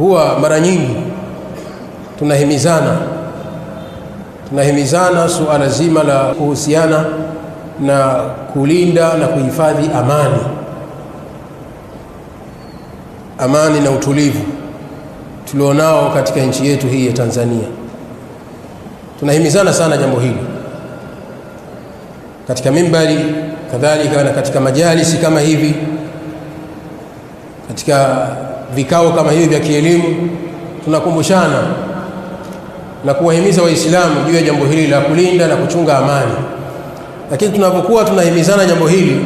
huwa mara nyingi tunahimizana tunahimizana suala zima la kuhusiana na kulinda na kuhifadhi amani, amani na utulivu tulionao katika nchi yetu hii ya Tanzania. Tunahimizana sana jambo hili katika mimbari, kadhalika na katika majalisi kama hivi, katika vikao kama hivi vya kielimu, tunakumbushana na kuwahimiza Waislamu juu ya jambo hili la kulinda na kuchunga amani. Lakini tunapokuwa tunahimizana jambo hili,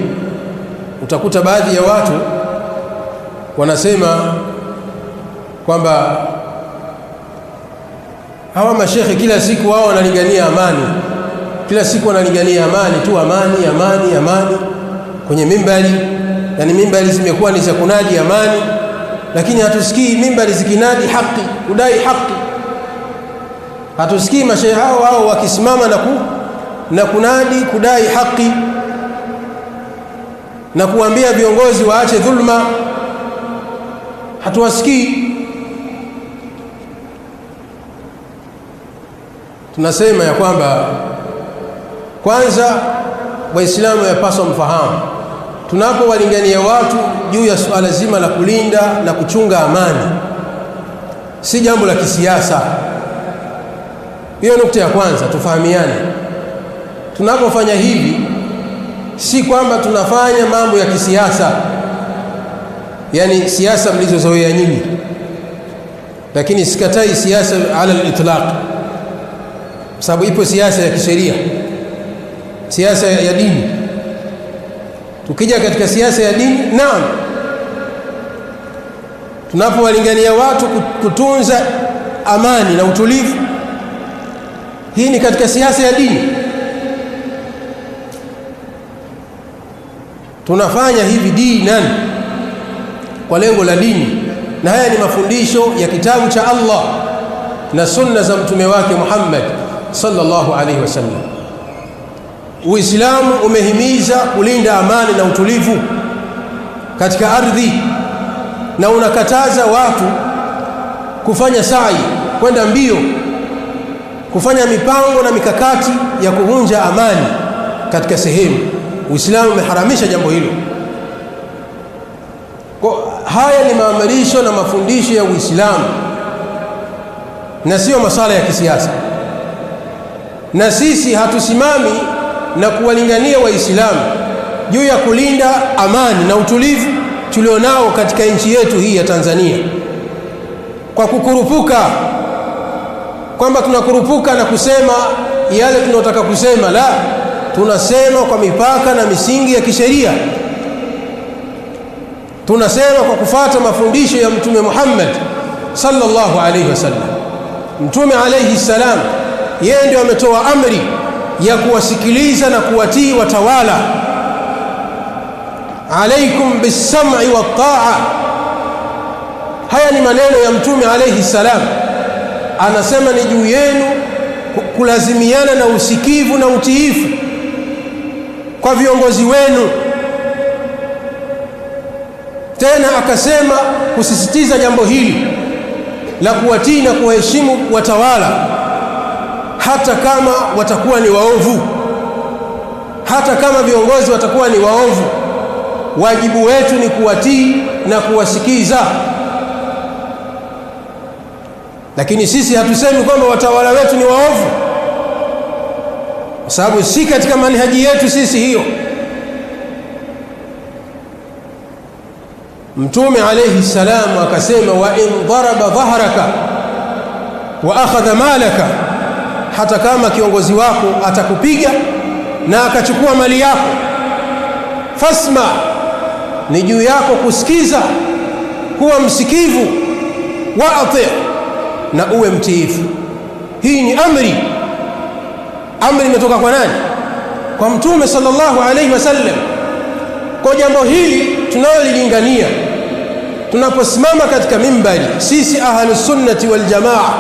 utakuta baadhi ya watu wanasema kwamba hawa mashekhe kila siku wao wanalingania amani, kila siku wanalingania amani tu, amani, amani, amani kwenye mimbari. Yani mimbari zimekuwa ni za kunaji amani lakini hatusikii mimbari zikinadi haki kudai haki hatusikii mashehe hao hao wakisimama na, ku, na kunadi kudai haki na kuambia viongozi waache dhulma hatuwasikii tunasema ya kwamba kwanza waislamu yapaswa mfahamu tunapowalingania watu juu ya suala zima la kulinda na kuchunga amani, si jambo la kisiasa. Hiyo nukta ya kwanza, tufahamiane. Tunapofanya hivi, si kwamba tunafanya mambo ya kisiasa, yani siasa mlizozoea nyinyi, lakini sikatai siasa ala litlaq, sababu ipo siasa ya kisheria, siasa ya dini Tukija katika siasa ya dini, naam, tunapowalingania watu kutunza amani na utulivu, hii ni katika siasa ya dini. Tunafanya hivi dinan, kwa lengo la dini, na haya ni mafundisho ya kitabu cha Allah na sunna za mtume wake Muhammad sallallahu alaihi wasallam. Uislamu umehimiza kulinda amani na utulivu katika ardhi na unakataza watu kufanya sai, kwenda mbio, kufanya mipango na mikakati ya kuvunja amani katika sehemu. Uislamu umeharamisha jambo hilo. Kwa haya ni maamrisho na mafundisho ya Uislamu na sio masala ya kisiasa, na sisi hatusimami na kuwalingania Waislamu juu ya kulinda amani na utulivu tulionao katika nchi yetu hii ya Tanzania, kwa kukurupuka kwamba tunakurupuka na kusema yale tunayotaka kusema. La, tunasema kwa mipaka na misingi ya kisheria, tunasema kwa kufata mafundisho ya Mtume Muhammad sallallahu alaihi wasallam. Mtume alaihi salam yeye ndio ametoa amri ya kuwasikiliza na kuwatii watawala alaikum bisam'i wataa haya ni maneno ya mtume alayhi salam anasema ni juu yenu kulazimiana na usikivu na utiifu kwa viongozi wenu tena akasema kusisitiza jambo hili la kuwatii na kuwaheshimu watawala hata kama watakuwa ni waovu, hata kama viongozi watakuwa ni waovu, wajibu wetu ni kuwatii na kuwasikiza. Lakini sisi hatusemi kwamba watawala wetu ni waovu, kwa sababu si katika manhaji yetu sisi hiyo. Mtume alayhi salam akasema, wa in daraba dhahraka wa akhadha malaka hata kama kiongozi wako atakupiga na akachukua mali yako. Fasma ni juu yako kusikiza, kuwa msikivu. Wa na uwe mtiifu. Hii ni amri. Amri imetoka kwa nani? Kwa Mtume sallallahu alaihi wasallam. Kwa jambo hili tunalolilingania tunaposimama katika mimbari, sisi ahlusunnati waljamaa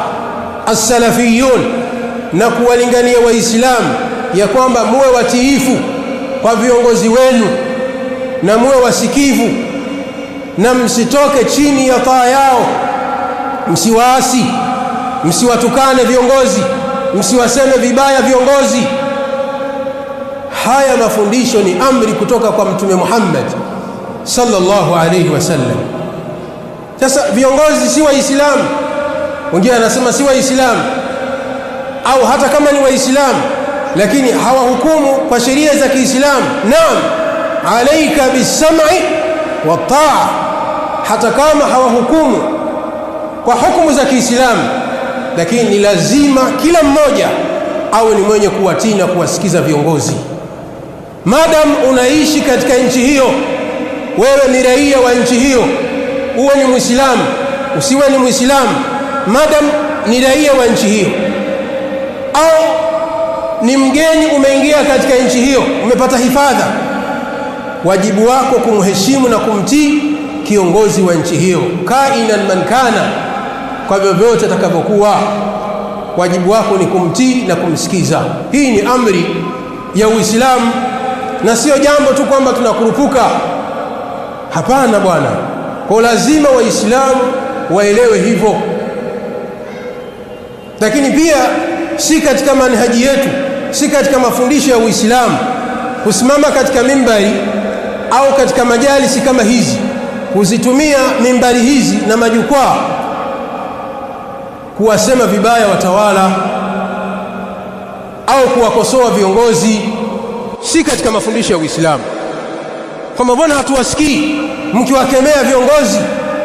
assalafiyun na kuwalingania Waislamu ya kwamba muwe watiifu kwa viongozi wenu na muwe wasikivu na msitoke chini ya taa yao, msiwaasi, msiwatukane viongozi, msiwaseme vibaya viongozi. Haya mafundisho ni amri kutoka kwa Mtume Muhammad sallallahu alayhi wasallam. Sasa viongozi si Waislamu, wengine anasema si Waislamu au hata kama ni waislamu lakini hawahukumu kwa sheria za kiislamu naam alaika bisam'i wa taa hata kama hawahukumu kwa hukumu za kiislamu lakini ni lazima kila mmoja awe ni mwenye kuwatii na kuwasikiza viongozi madam unaishi katika nchi hiyo wewe ni raia wa nchi hiyo uwe ni mwislamu usiwe ni mwislamu madam ni raia wa nchi hiyo au ni mgeni umeingia katika nchi hiyo umepata hifadha wajibu wako kumheshimu na kumtii kiongozi wa nchi hiyo kainan man kana kwa vyovyote atakavyokuwa wajibu wako ni kumtii na kumsikiza hii ni amri ya uislamu na sio jambo tu kwamba tunakurupuka hapana bwana kwa lazima waislamu waelewe hivyo lakini pia si katika manhaji yetu, si katika mafundisho ya Uislamu kusimama katika mimbari au katika majalisi kama hizi, kuzitumia mimbari hizi na majukwaa kuwasema vibaya watawala au kuwakosoa viongozi, si katika mafundisho ya Uislamu. Kwamba mbona hatuwasikii mkiwakemea viongozi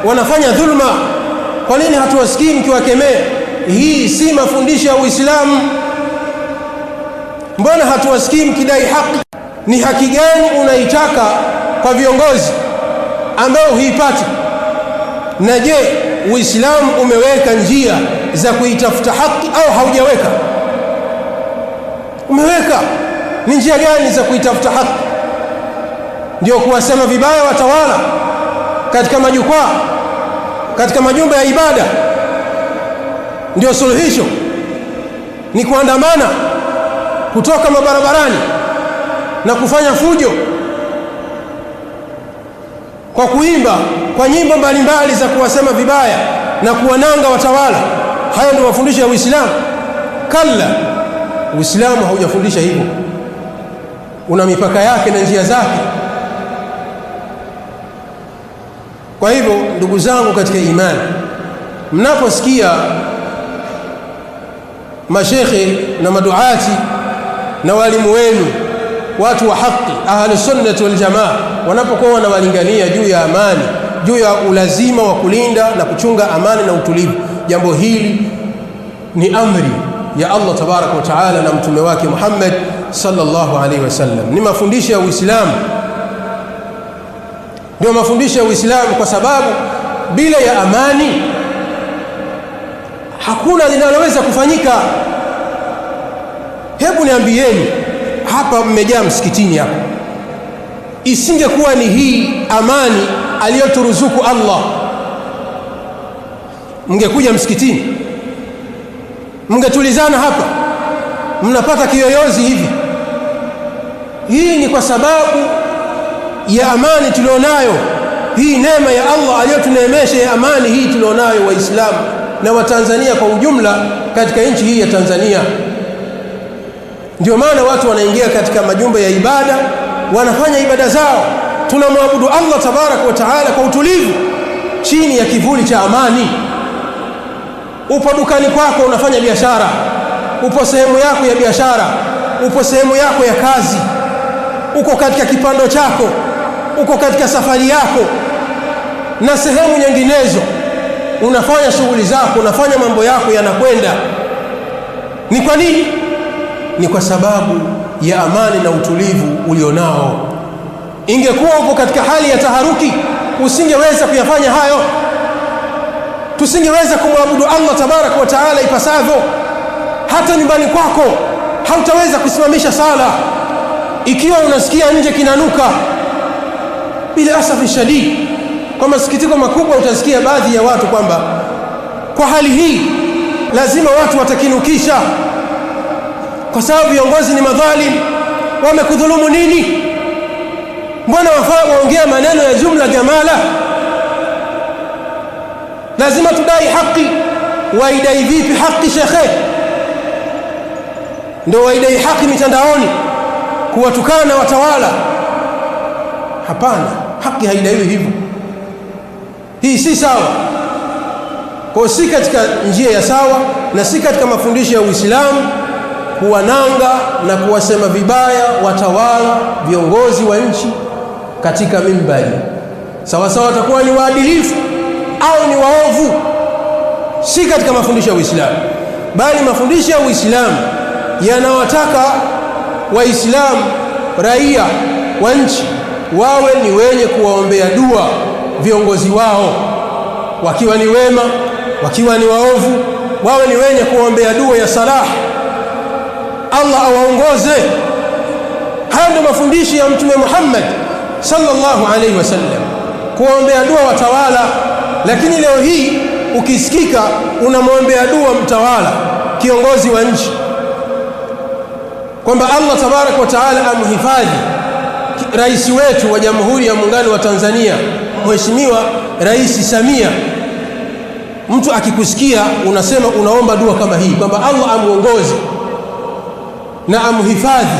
wanafanya dhulma? Kwa nini hatuwasikii mkiwakemea hii si mafundisho ya Uislamu? Mbona hatuwasikii mkidai haki? Ni haki gani unaitaka kwa viongozi ambayo huipati? Na je, Uislamu umeweka njia za kuitafuta haki au haujaweka? Umeweka ni njia gani za kuitafuta haki? Ndio kuwasema vibaya watawala katika majukwaa, katika majumba ya ibada ndio suluhisho ni kuandamana kutoka mabarabarani na kufanya fujo kwa kuimba kwa nyimbo mbalimbali za kuwasema vibaya na kuwananga watawala. Hayo ndio mafundisho ya Uislamu? Kalla, Uislamu haujafundisha hivyo, una mipaka yake na njia zake. Kwa hivyo, ndugu zangu katika imani, mnaposikia mashekhe na maduati na walimu wenu watu wa haki ahlusunnati waljamaa wanapokuwa wanawalingania juu ya amani juu ya ulazima wa kulinda na kuchunga amani na utulivu jambo hili ni amri ya Allah tabaraka wa taala na mtume wake Muhammad sallallahu alaihi wasallam ni mafundisho ya Uislamu ndio mafundisho ya Uislamu kwa sababu bila ya amani hakuna linaloweza kufanyika. Hebu niambieni, hapa mmejaa msikitini hapa, isingekuwa ni hii amani aliyoturuzuku Allah, mngekuja msikitini, mngetulizana hapa, mnapata kiyoyozi hivi. Hii ni kwa sababu ya amani tulionayo, hii neema ya Allah aliyotuneemesha ya amani hii tulionayo, Waislamu na watanzania kwa ujumla katika nchi hii ya Tanzania. Ndio maana watu wanaingia katika majumba ya ibada, wanafanya ibada zao, tunamwabudu Allah tabaraka wa taala kwa utulivu chini ya kivuli cha amani. Upo dukani kwako unafanya biashara, upo sehemu yako ya biashara, upo sehemu yako ya kazi, uko katika kipando chako, uko katika safari yako na sehemu nyinginezo unafanya shughuli zako, unafanya mambo yako yanakwenda. Ni kwa nini? Ni kwa sababu ya amani na utulivu ulionao. Ingekuwa upo katika hali ya taharuki, usingeweza kuyafanya hayo, tusingeweza kumwabudu Allah tabaraka wa taala ipasavyo. Hata nyumbani kwako hautaweza kusimamisha sala ikiwa unasikia nje kinanuka, bila asafi shadidi kwa masikitiko makubwa utasikia baadhi ya watu kwamba kwa hali hii lazima watu watakinukisha, kwa sababu viongozi ni madhalim. Wamekudhulumu nini? Mbona wafaa waongea maneno ya jumla jamala? Lazima tudai haki. Waidai vipi haki, shekhe? Ndio waidai haki mitandaoni, kuwatukana watawala? Hapana, haki haidaiwi hivyo. Hii si sawa, kwa si katika njia ya sawa na si katika mafundisho ya Uislamu kuwananga na kuwasema vibaya watawala, viongozi wa nchi katika mimbari. Sawa sawa watakuwa ni waadilifu au ni waovu, si katika mafundisho ya Uislamu, bali mafundisho ya Uislamu yanawataka Waislamu raia wa nchi wawe ni wenye kuwaombea dua viongozi wao, wakiwa ni wema, wakiwa ni waovu, wawe ni wenye kuombea dua ya salah, Allah awaongoze. Hayo ndio mafundisho ya Mtume Muhammad sallallahu alaihi wasallam, kuombea dua watawala. Lakini leo hii ukisikika unamwombea dua mtawala, kiongozi wa nchi, kwamba Allah tabaraka wa taala amhifadhi rais wetu wa Jamhuri ya Muungano wa Tanzania Mheshimiwa Rais Samia, mtu akikusikia unasema unaomba dua kama hii kwamba Allah amuongoze na amhifadhi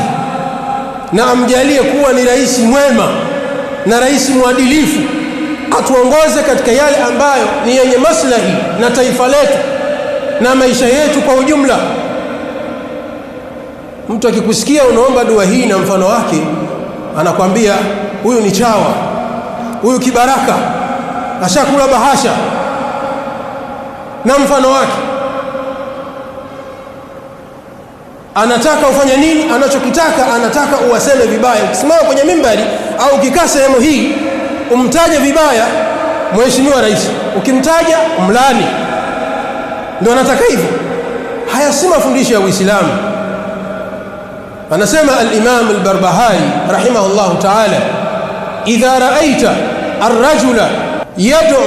na amjalie kuwa ni rais mwema na rais mwadilifu, atuongoze katika yale ambayo ni yenye maslahi na taifa letu na maisha yetu kwa ujumla. Mtu akikusikia unaomba dua hii na mfano wake, anakwambia huyu ni chawa huyu kibaraka ashakula bahasha na mfano wake anataka ufanye nini anachokitaka anataka uwaseme vibaya ukisimama kwenye mimbari au ukikaa sehemu hii umtaje vibaya mheshimiwa rais ukimtaja mlani ndio anataka hivyo haya si mafundisho ya uislamu anasema al-imam al-barbahari rahimahullahu ta'ala idha ra'aita arrajula yad'u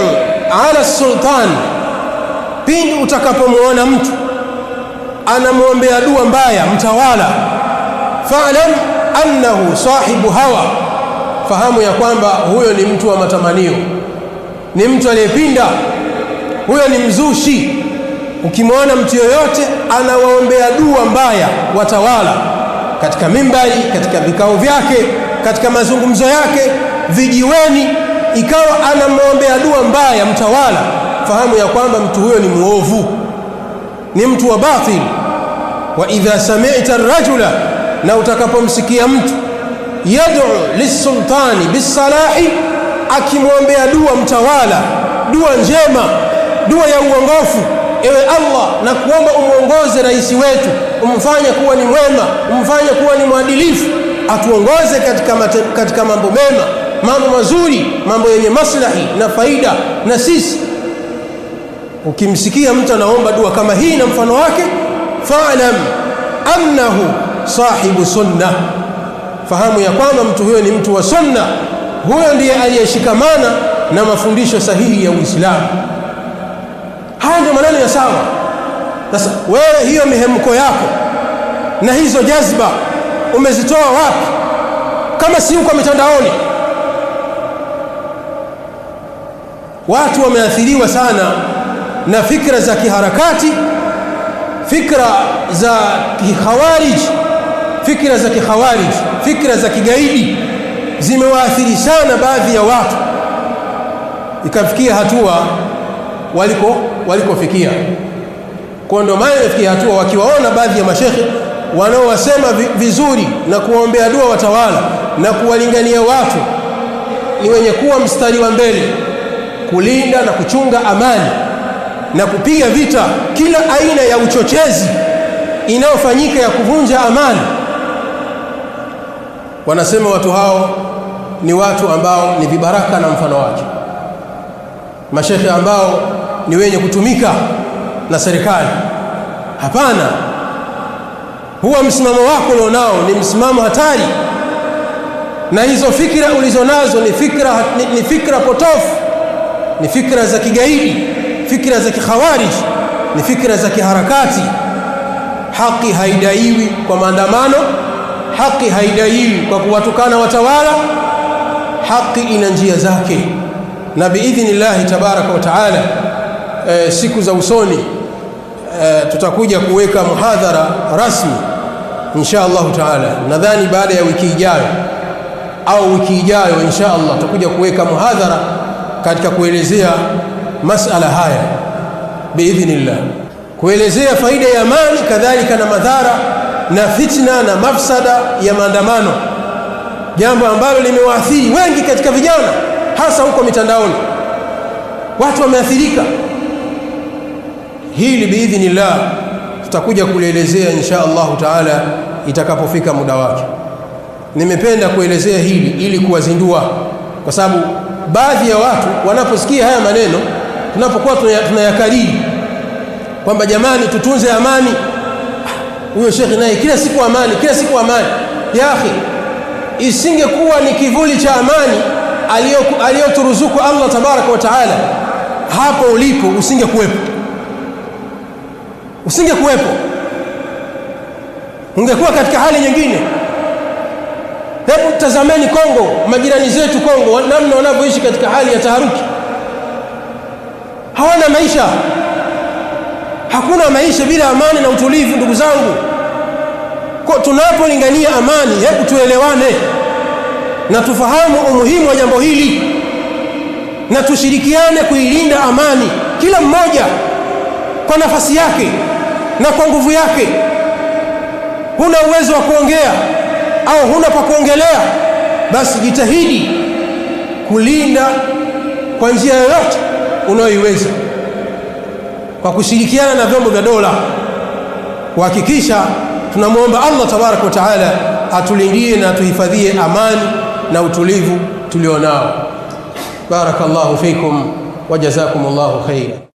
ala sultan, pindi utakapomwona mtu anamwombea dua mbaya mtawala, fa'lam annahu sahibu hawa, fahamu ya kwamba huyo ni mtu wa matamanio, ni mtu aliyepinda, huyo ni mzushi. Ukimwona mtu yoyote anawaombea dua mbaya watawala, katika mimbari, katika vikao vyake, katika mazungumzo yake vijiweni ikawa anamwombea dua mbaya mtawala, fahamu ya kwamba mtu huyo ni mwovu, ni mtu wa batil. Wa idha sami'ta rajula, na utakapomsikia mtu yad'u lisultani bisalahi, akimwombea dua mtawala, dua njema, dua ya uongofu Ewe Allah, na kuomba umwongoze rais wetu, umfanye kuwa ni mwema, umfanye kuwa ni mwadilifu, atuongoze katika, katika mambo mema mambo mazuri, mambo yenye maslahi na faida. Na sisi ukimsikia mtu anaomba dua kama hii na mfano wake, fa'lam annahu sahibu sunna, fahamu ya kwamba mtu huyo ni mtu wa sunna, huyo ndiye aliyeshikamana na mafundisho sahihi ya Uislamu. Haya ndio maneno ya sawa. Sasa wewe, hiyo mihemko yako na hizo jazba umezitoa wapi, kama si uko mitandaoni? Watu wameathiriwa sana na fikra za kiharakati, fikra za kikhawarij, fikra za kikhawarij, fikra za kigaidi zimewaathiri sana baadhi ya watu, ikafikia hatua waliko walikofikia. Kwa ndio maana imefikia hatua wakiwaona baadhi ya mashekhe wanaowasema vizuri na kuwaombea dua watawala na kuwalingania watu ni wenye kuwa mstari wa mbele kulinda na kuchunga amani na kupiga vita kila aina ya uchochezi inayofanyika ya kuvunja amani. Wanasema watu hao ni watu ambao ni vibaraka na mfano wake, mashekhe ambao ni wenye kutumika na serikali. Hapana, huwa msimamo wako ulionao ni msimamo hatari, na hizo fikra ulizonazo ni fikra, ni, ni fikra potofu ni fikra za kigaidi, fikra za kikhawarij, ni fikra za kiharakati. Haki haidaiwi kwa maandamano, haki haidaiwi kwa kuwatukana watawala. Haki ina njia zake, na biidhnillahi tabaraka wa taala e, siku za usoni e, tutakuja kuweka muhadhara rasmi insha allahu taala, nadhani baada ya wiki ijayo au wiki ijayo insha allah tutakuja kuweka muhadhara katika kuelezea masala haya biidhnillah, kuelezea faida ya mali kadhalika na madhara na fitna na mafsada ya maandamano, jambo ambalo limewaathiri wengi katika vijana, hasa huko mitandaoni. Watu wameathirika. Hili biidhnillah tutakuja kulielezea insha Allahu taala itakapofika muda wake. Nimependa kuelezea hili ili kuwazindua, kwa sababu baadhi ya watu wanaposikia haya maneno tunapokuwa tunayakariri kwamba jamani, tutunze amani, ah, huyo shekhi naye kila siku amani, kila siku amani. Ya akhi, isingekuwa ni kivuli cha amani aliyoturuzuku Allah tabaraka wa taala, hapo ulipo usingekuwepo, usingekuwepo, ungekuwa katika hali nyingine hebu tazameni Kongo, majirani zetu Kongo, namna wanavyoishi katika hali ya taharuki. Hawana maisha, hakuna maisha bila amani na utulivu. Ndugu zangu, kwa tunapolingania amani, hebu tuelewane na tufahamu umuhimu wa jambo hili na tushirikiane kuilinda amani, kila mmoja kwa nafasi yake na kwa nguvu yake. Huna uwezo wa kuongea au huna pa kuongelea, basi jitahidi kulinda kwa njia yoyote unayoiweza kwa kushirikiana na vyombo vya dola kuhakikisha tunamwomba Allah tabaraka wa taala atulindie na atuhifadhie amani na utulivu tulionao. Barakallahu fikum wa jazakumullahu khaira.